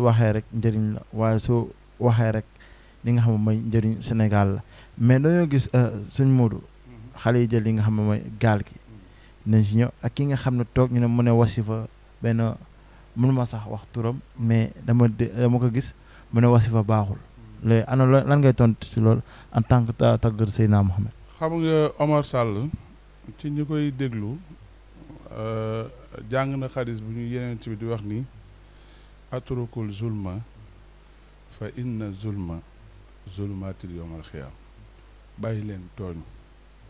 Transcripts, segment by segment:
su waxee rek njëriñ la waaye soo waxee rek li nga xam ne mooy njëriñ Sénégal la mais dañoo gis euh, suñ Moodu xale yi jël yi nga xam ne mooy gaal gi nañ ñëw ak ki nga xam ne toog ñu ne mu ne wasifa benn mënu ma sax wax turam mais dama dama ko gis mu ne wasifa baaxul léegi ana lan ngay tontu si lool en tant que tàggat naa Mohamed xam nga Omar Sall ci ñi koy déglu euh, jàng na xadis bu ñu yeneen ci bi di wax nii atrukul zulma fa inna zulma zulmatil yawmal xiyaam bàyyi leen tooñ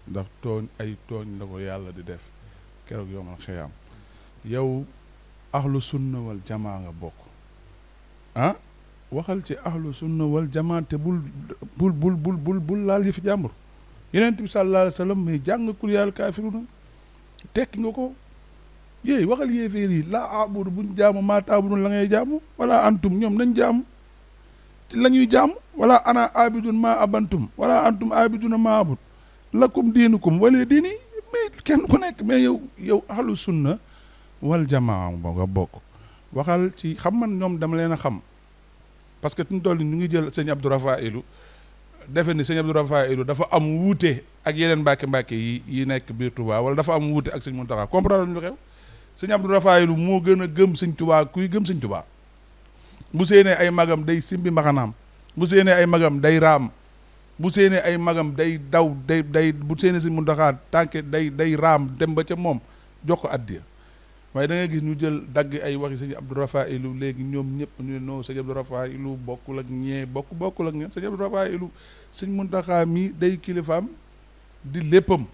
ndax tooñ ay tooñ la ko yàlla di def keroog yawmal xiyaam yow ahlu sunna wal jamaa nga bokk ah waxal ci ahlu sunna wal jamaa te bul bul bul bul bul bul laal yi fi yeneen bi sallallahu alayhi wa sallam mais jàng kul yàlla kaafiruuna tekki nga ko yéey waxal yéeféer yi laa abudu bu jaamu maa taabudun la ngay jaamu wala antum ñoom nañ jaamu ci la ñuy jaamu wala ana abidun maa abantum wala antum abiduna maa abud lakum diinukum wala diini mais kenn ku nekk mais yow yow ahlu sunna wal jamaa boo nga bokk waxal ci xam man ñoom dama leen a xam parce que tuñ toll ñu ngi jël sëñ Abdou Rafaïlu defe ni sëñ Abdou Rafaïlu dafa am wuute ak yeneen mbàkke mbàkke yi yi nekk biir Touba wala dafa am wuute ak sëñ Mountakha comprendre lu xew sëñ Abdou Rafaaylu moo gën a gëm sëñ tubaa kuy gëm sëñ tubaa bu séenee ay magam day simbi mbaxanaam bu séenee ay magam day raam bu séenee ay magam day daw day day bu séenee sëñ Muntaxaa tànke day day raam dem ba ca moom jox ko addiya waaye da gis ñu jël dagg ay waxi sëñ Abdou Rafaaylu léegi ñoom ñëpp ñu ne non sëñ Abdou Rafaaylu bokkul ak ñee bokk bokkul ak ñee sëñ Abdou Rafaaylu sëñ Muntaxaa mi day kilifaam di léppam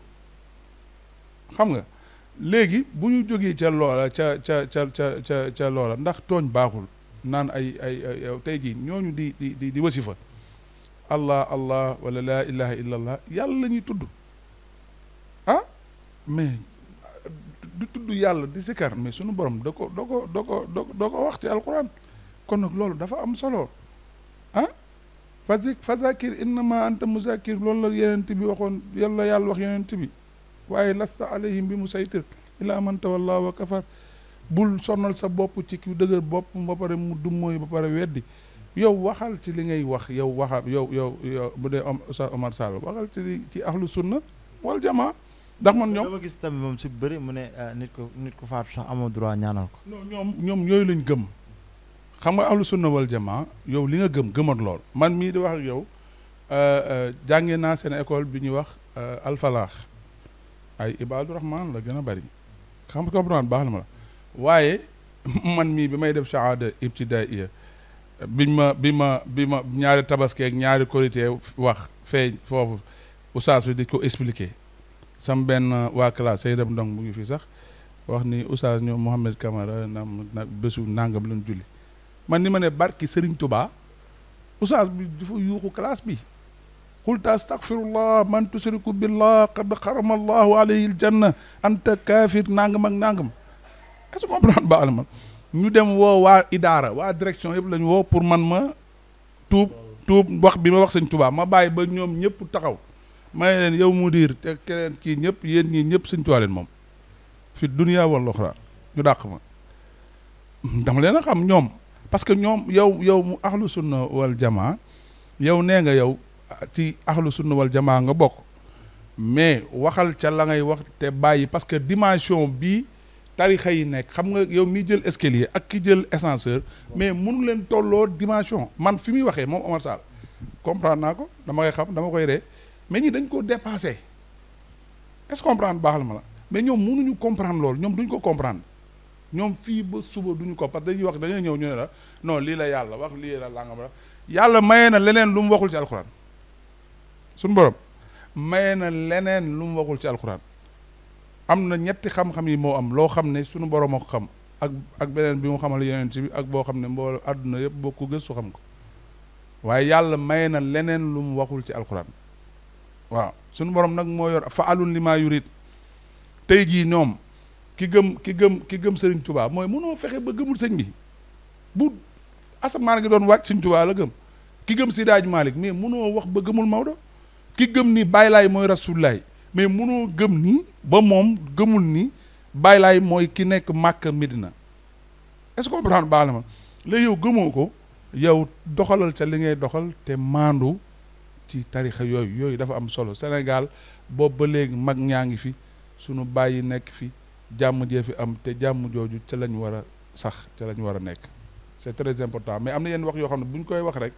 xam nga léegi bu ñu jógee ca loola ca ca ca ca ca ca ndax tooñ baaxul naan ay ay ay tey jii ñooñu di di di di wasifa allah allah wala laa ilaha illa allah yàlla la ñuy tudd ah mais di tudd yàlla di sikar mais sunu borom da ko da ko da ko da ko wax ci alquran kon nag loolu dafa am solo ah fazik fazakir innama anta muzakir lool la yeneen bi waxoon yàlla yàlla wax yonent bi waaye lasta alayhim bi mu saytir ilaa man tawallaa kafar bul sonal sa bopp ci ki dëgër bopp ba pare mu dum ba pare weddi yow waxal ci li ngay wax yow waxa yow yow bu dee Oustaz Omar Sall waxal ci li ci ahlu sunna wal man ñoom dama gis tamit moom si bëri mu ne ah, nit ko nit ko faatu sax droit ñaanal ko ñoom ñoom yooyu lañ gëm xam nga ahlu sunna wal jamaa yow li nga gëm gëmat lool man mii di wax yow euh, euh, jàngee naa seen école bi ñuy wax euh, alfalaax ay ibaadu rahmaan la gën a bari xam comprendre baax na ma la waaye man mii bi may def shahada ibtidaiya biñ ma bi ma bi ma ñaari tabaskeek ñaari korité wax feeñ foofu oustaz bi di ko expliquer sam benn waa classe Seydou Ndong mu ngi fii sax wax ni oustaz ñoom Mouhamed Camara nam nag bésu nangam lañ julli man ni ma ne barki Serigne Touba oustaz bi dafa yuuxu classe bi qultu astaghfirullah man tusriku billah qad xarama allahu alayhi aljanna anta kaafir nangam ak nangam est-ce que comprendre baax ma ñu dem woo waa idaara waa direction yëpp lañu woo pour man ma tuub tuub wax bi ma wax sëñ Tuubaa ma bàyyi ba ñoom ñëpp taxaw may leen yow mudir te keneen kii ñëpp yéen ñii ñëpp sëñ Tuubaa leen moom fi dunya wal axira ñu dàq ma dama leen a xam ñoom parce que ñoom yow yow mu ahlu sunna wal jamaa yow nee nga yow ci axlu sunna wal jamaa nga bokk mais waxal ca la ngay wax te bàyyi parce que dimension bi tarixa yi nekk xam nga yow miy jël escalier ak ki jël ascenseur mais mënu leen tolloo dimension man fi muy waxee moom Omar Sall comprendre naa ko dama koy xam dama koy ree mais ñi dañ ko dépassé est-ce comprendre baaxal ma la mais ñoom mënuñu comprendre loolu ñoom duñ ko comprendre ñoom fii ba suba duñu ko parce que dañuy wax dañoo ñëw ñu ne la non lii la yàlla wax lii la langam la yàlla mayee na leneen lu mu waxul ci alxuraan suñu borom maye na leneen lu mu waxul ci alxuraan am na ñetti xam-xam yi moo am loo xam ne sunu borom xam ak ak beneen bi mu xamal yonent bi ak boo xam ne mbooloo àdduna yëpp boo ko gëstu xam ko waaye yàlla maye na leneen lu mu waxul ci alxuraan waaw suñu borom nag moo yor fa alun li maa yurit tey jii ñoom ki gëm ki gëm ki gëm sëriñ tubaab mooy mënoo fexe ba gëmul sëñ bi bu asamaan gi doon wàcc sëñ tubaa la gëm ki gëm si daaj Malick mais mënoo wax ba gëmul Maodo ki gëm ni Baay mooy Rasulullaay mais munoo gëm ni ba moom gëmul nii Baay mooy ki nekk Màkka Medina est-ce que comprendre baax ma yow gëmoo ko yow doxalal ca li ngay doxal te maandu ci tarixa yooyu yooyu dafa am solo Sénégal boobu ba léegi mag ñaa ngi fi sunu bàyyi nekk fi jàmm jee fi am te jàmm jooju ca lañ war a sax ca lañ war a nekk c'est très important mais am na yenn wax yoo xam ne bu ñu koy wax rek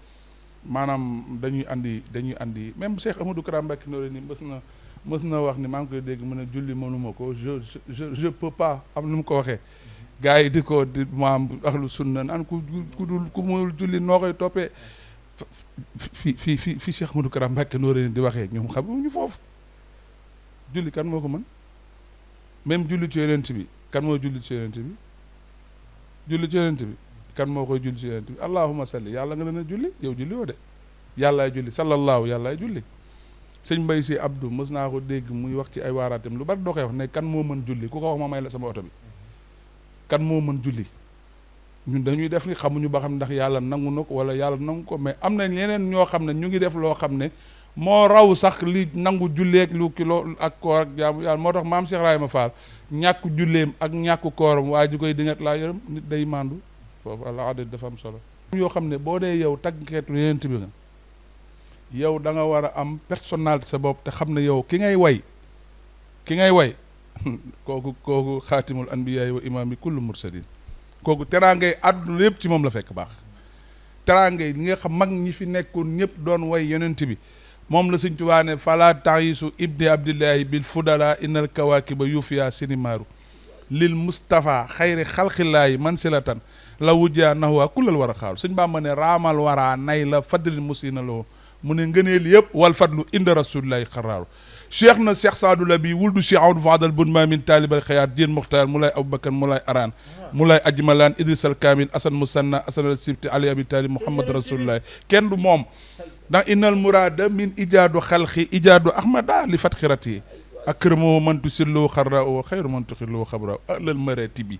maanaam dañuy andi dañuy andi même Cheikh Amadou Kara Mbacké Noreyni ni mës na mës na wax ni maa ngi koy dégg mu ne julli mënuma ko je je je peux am nu ko waxee gars yi di ko di maam ahlu sunna naan ku dul ku julli noo koy toppee fi fi fi fi Cheikh Amadou Kara Mbacké Noreyni di waxee ñoom ñu foofu julli kan moo ko julli ci yonent bi kan moo julli ci yonent julli ci yonent bi kan moo koy julli si yonent allahuma salli yàlla nga leen a julli yow julli woo de yàllaay julli sallallahu yàllaay julli sëñ Mbay si Abdou mës naa ko dégg muy wax ci ay waaraatam lu bari doxe koy wax ne kan moo mën julli ku ko wax ma la sama oto kan moo mën julli ñun dañuy def ni xamuñu ba xam ndax yàlla nangu na ko wala yàlla nangu ko mais am na ñeneen ñoo xam ne ñu ngi def loo xam ne moo raw sax li nangu julleeg lu kilo ak koor ak jaamu yàlla moo tax maam Cheikh Ibrahima Fall ñàkk julleem ak ñàkk kooram waaye ji koy dingat laa yërëm nit foofu al am solo yoo xam ne boo dee yow tàggkeetu yonent bi nga yow da war a am personnalité sa bopp te xam ne yow ki ngay way ki ngay way kooku kooku xaatimul anbiyaay wa imaam kullu mursalin kooku teraangay àdduna yëpp ci moom la fekk baax teraangay ñi nga xam mag ñi fi nekkoon ñëpp doon way yonent bi moom la Sëñ Tuubaa ne fala taisu ibni abdillahi bil fudala innal kawaakiba yufiya sinimaaru lil mustafa xayri xalqillaahi man silatan la wujja nahuwa kullal war a xaalu suñ bàmba ne raamal waraa nay la fadrin musina loo mu ne ngëneel yëpp wal fadlu inda rasulillahi xaraaru cheikh na cheikh saadu la bi wuldu cheikh amadou fadal bun mamin taalibal xayaat diin muxtaar mulay aboubacar mulay araan mulay ajmalaan idris al kamil asan musanna asan al sibti ali abi talib mouhamad rasulullahi kenn du moom ndax innal mourada min ijaadu xalqi ijaadu ahmada li fat xirat yi ak kërëmoo mantu silloo xarra oo xayru mantu xilloo xabra alal marati bi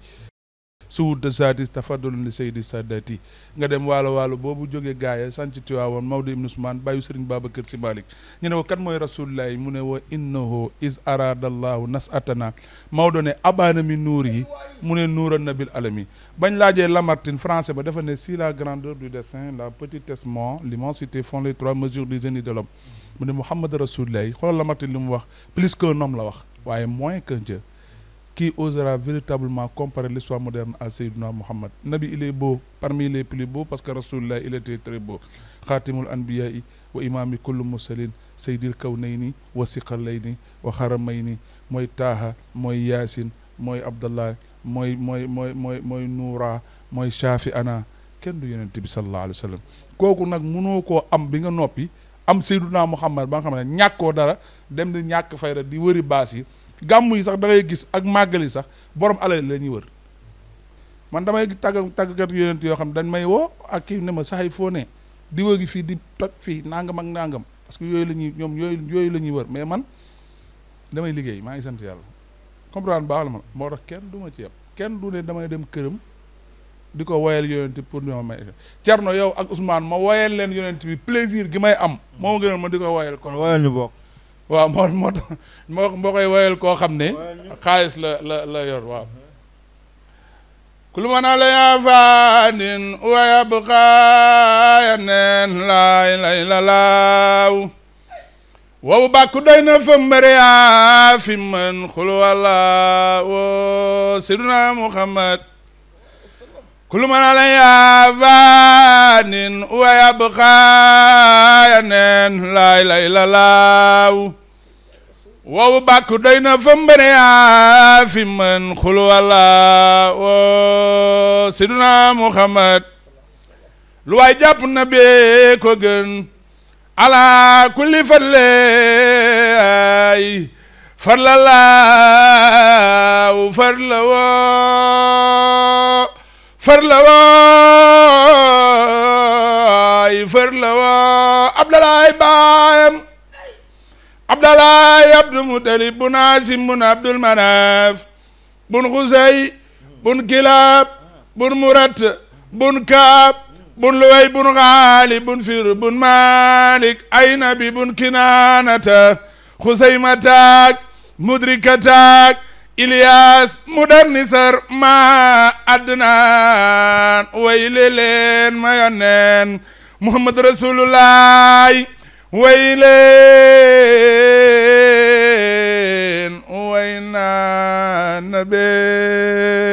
suwud de saati tafadalun li saydi sadati nga dem waalo waalo boobu jóge gaaya sanc tiwaawoon Maodo ibn Ousmane bàyyi sëriñ Babacar Si Malik ñu ne ko kan mooy rasulullah mu ne wa innahu is aradallahu nasatana Maodo ne abana mi nuur yi mu ne nuur nuuran nabil alami bañ laajee Lamartine français ba dafa ne si la grandeur du dessein la petitessement l'immensité font les trois mesures du génie de l'homme mu ne Muhammad rasulullah xoolal Lamartine li mu wax plus qu'un la wax waaye moins qu'un kii osera véritablement comparer l'histoire moderne à Sayyidina Muhammad Nabi il est parmi les plus beaux parce que Rasulullah il était très beau xaatimul anbiyaa'i wa imaami kullu mursalin saydil kawnayni wa siqalayni wa xaramayni mooy taaha mooy yaasin mooy abdallah mooy mooy mooy mooy mooy nuura kenn du yonent bi sallallahu alayhi wa kooku nag mënoo koo am bi nga noppi am sayduna muhammad ba xam ne ñàkkoo dara dem di ñàkk fayda di wëri baas gàmm yi sax da gis ak màggal yi sax borom alal la ñuy wër man damay tàgg tàggkat yonent yoo xam dañ may woo ak kii ne ma sax foo ne di wëgi fii di toj fii nangam ak nangam parce que yooyu la ñuy ñoom yooyu yooyu la ñuy wër mais man damay liggéey maa ngi sant yàlla comprendre baax la ma moo tax kenn du ma ci yem kenn du ne damay dem këram di ko woyal yonent pour ma may Thierno yow ak Ousmane ma woyal leen yonent bi plaisir gi may am. moo gënoon ma di ko woyal kon woyal ñu bokk. waaw moo moo moo moo koy woyal koo xam ne xaalis la la la yor waaw kulu ma naa la yaa faanin waya bu xaaya neen laay lay la laaw wow bàkku doy na fa mbëre yaa fi mën xulu walla woo siduna muhammad كل من عليها فان ويبقى ينين لا إله إلا الله وو باكو دينا فمبنيا في من خلو الله سيدنا محمد lu waay jàpp na bee ko gën ala kulli farle ay farla laaw farla woo fër la waay fër la waay Abdalaay baayam Abdalaay Abdul Mutalib bun Haasim bun Abdul Manaaf bun Xusay bun Kilaab bun Murat bun Kaab bun Luway bun Xaalib bun Fir bun Maalik Aynabi bun Kinaanata Xusay mataak Mudrikataak Ilias mu dem ni sar ma addinaan Muhammad rasulullaay way leen way